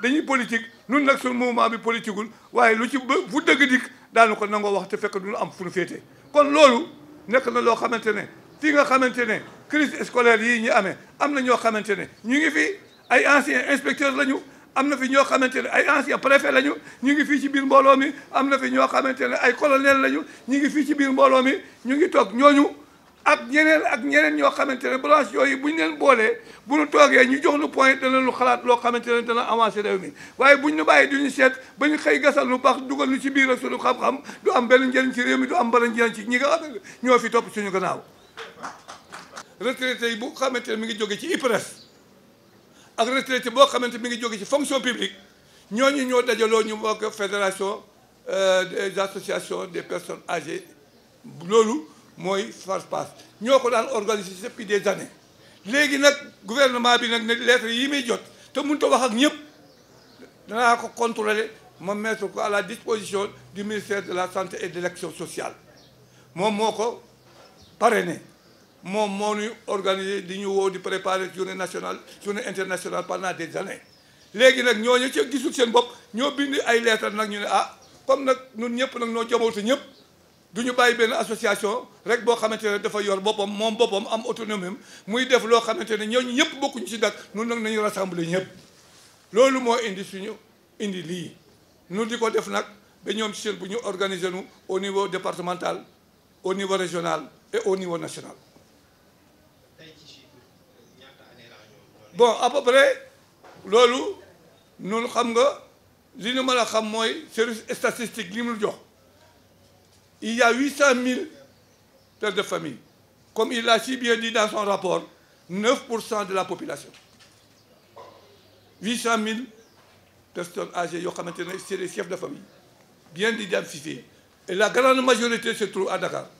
dañuy politique nun nous sun mouvement bi politiqueul waye lu ci fu deug dik dal ko nango wax te fekk duñu am fu kon lolu nekk na maintenir. xamantene fi nga crise scolaire yi ñi amé maintenir. ño xamantene ngi fi ay anciens inspecteurs lañu amna fi anciens préfets lañu ngi ci mi fi ay ak ñeneen ak ñeneen ñoo xamante ne branche yooyu bu ñu leen boolee bu ñu toogee ñu jox nu point dana lu xalaat loo xamante ne dana avancé réew mi waaye buñ ñu bàyyi du ñu seet ba ñu xëy gasal nu baax dugal nu ci biir ak suñu xam-xam du am benn njëriñ ci réew mi du am benn njëriñ ci ñi nga ñoo fi topp suñu gannaaw. retraité yi bu xamante ne mi ngi jóge ci IPRES ak retraité boo xamante ne mi ngi jóge ci fonction publique ñooñu ñoo dajaloo ñu moo fédération euh, des associations des personnes âgées loolu. mooy Far Pass Nous avons organisé organiser depuis des années léegi le gouvernement a nag des lettres immédiates. Tout le monde mënut a wax ak ñëpp danaa contrôler ma mettre ko à la disposition du ministère de la santé et de l'action sociale moom moo parrainer. parrainé moom ñu organiser di ñu di préparer journée nationale journée internationale pendant des années léegi nag ñooñu ci gisul seen bopp ñoo bind lettres ah comme nous, ñun ñëpp nag du ñu bàyyi association rek bo xamante dafa yor bopam mom bopam am autonomie muy def lo xamante ñoo ñooñu ñëpp bokkuñu ci dak ñun nak nañu rassembler ñëpp lolu mo indi suñu indi li ñu diko def nak ba ñoom ci seen bu ñu organiser nu au niveau départemental au niveau régional et au niveau national bon à peu près lolu ñun xam nga li ñu mën xam moy service statistique li mu jox il y a 800 000 pères de famille. Comme il l'a si bien dit dans son rapport, 9% de la population. 800 000 personnes âgées, c'est les chefs de famille, bien identifiés. Et la grande majorité se trouve à Dakar.